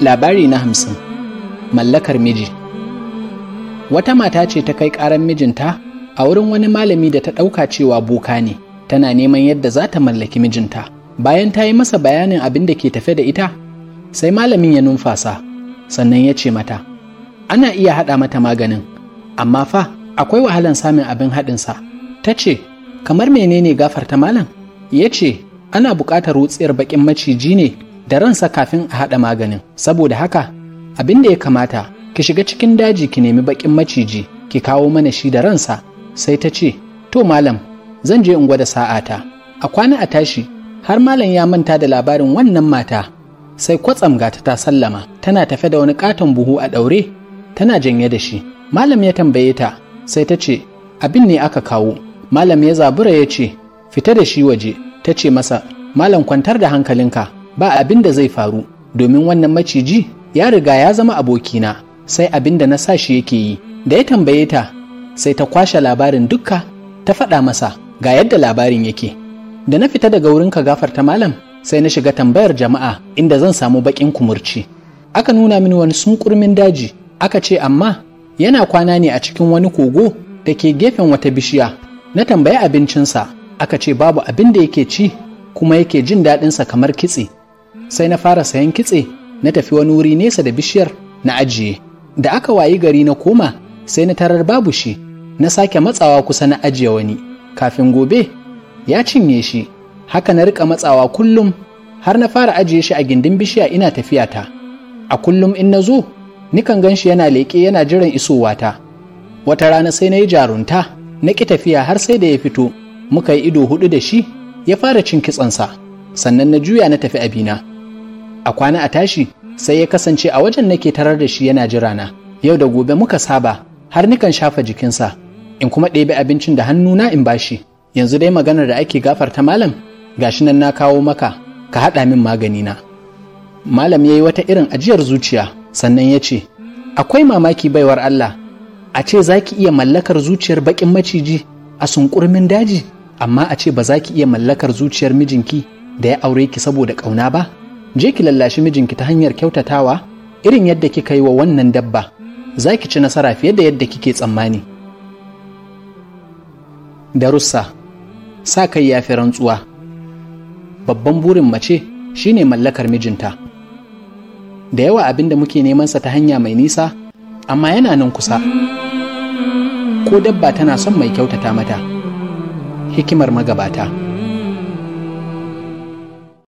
Labari na hamsin Mallakar miji Wata mata ce ta kai ƙaran mijinta a wurin wani malami da ta ɗauka cewa boka ne, tana neman yadda za ta mallaki mijinta. Bayan ta yi masa bayanin abin da ke tafe da ita, sai malamin ya numfasa, sannan ya ce mata, Ana iya haɗa mata maganin, amma fa akwai wahalan samun abin haɗinsa. Ta ce, Kamar menene gafarta malam? Ya ce, ana buƙatar wutsiyar baƙin maciji ne da ransa kafin a haɗa maganin saboda haka abin da ya kamata ki shiga cikin daji ki nemi baƙin maciji ki kawo mana shi da ransa sai ta ce to malam zan je in gwada ta?' a kwana a tashi har malam ya manta da labarin wannan mata sai kwatsam ga ta sallama tana tafe da wani katon buhu a ɗaure tana janye da shi malam ya tambaye ta sai ta ce abin ne aka kawo malam ya zabura ya ce fita da shi waje ta ce masa malam kwantar da hankalinka ba abin da zai faru domin wannan maciji ya riga ya zama abokina sai abin da na sa shi yake yi da ya tambaye ta sai ta kwashe labarin dukka ta faɗa masa ga yadda labarin yake da na fita daga wurin ka ta malam sai na shiga tambayar jama'a inda zan samu baƙin kumurci aka nuna mini wani sunkurmin daji aka ce amma yana kwana ne a cikin wani kogo da ke gefen wata bishiya na tambayi abincinsa aka ce babu abin da yake ci kuma yake jin daɗinsa kamar kitse sai na fara sayan kitse na tafi wani wuri nesa da bishiyar na ajiye da aka wayi gari na koma sai na tarar babu shi na sake matsawa kusa na ajiye wani kafin gobe ya cinye shi haka na rika matsawa kullum har na fara ajiye shi a gindin bishiya ina tafiya ta a kullum in na zo nikan gan shi yana leƙe yana jiran isowa ta. wata rana sai na yi jarunta na ƙi tafiya har sai da ya fito muka yi ido hudu da shi ya fara cin kitsansa sannan na juya na tafi abina a kwana a tashi sai ya kasance a wajen nake tarar da shi yana jirana yau da gobe muka saba har nikan shafa jikinsa in kuma ɗebe abincin da hannuna in bashi yanzu dai maganar da ake gafarta malam gashi nan na kawo maka ka haɗa min magani na. malam ya yi wata irin ajiyar zuciya sannan ya ce akwai mamaki baiwar allah a ce za ki iya mallakar zuciyar baƙin maciji a sunkurmin daji amma a ce ba za ki iya mallakar zuciyar mijinki da ya aure ki saboda ƙauna ba je ki lallashi mijinki ta hanyar kyautatawa irin yadda kika yi wa wannan dabba za ki ci nasara fiye da yadda kike tsammani darussa sa kai ya fi rantsuwa babban burin mace shi ne mallakar mijinta da yawa abin da muke neman sa ta hanya mai nisa amma yana nan kusa ko dabba tana son mai kyautata mata hikimar magabata.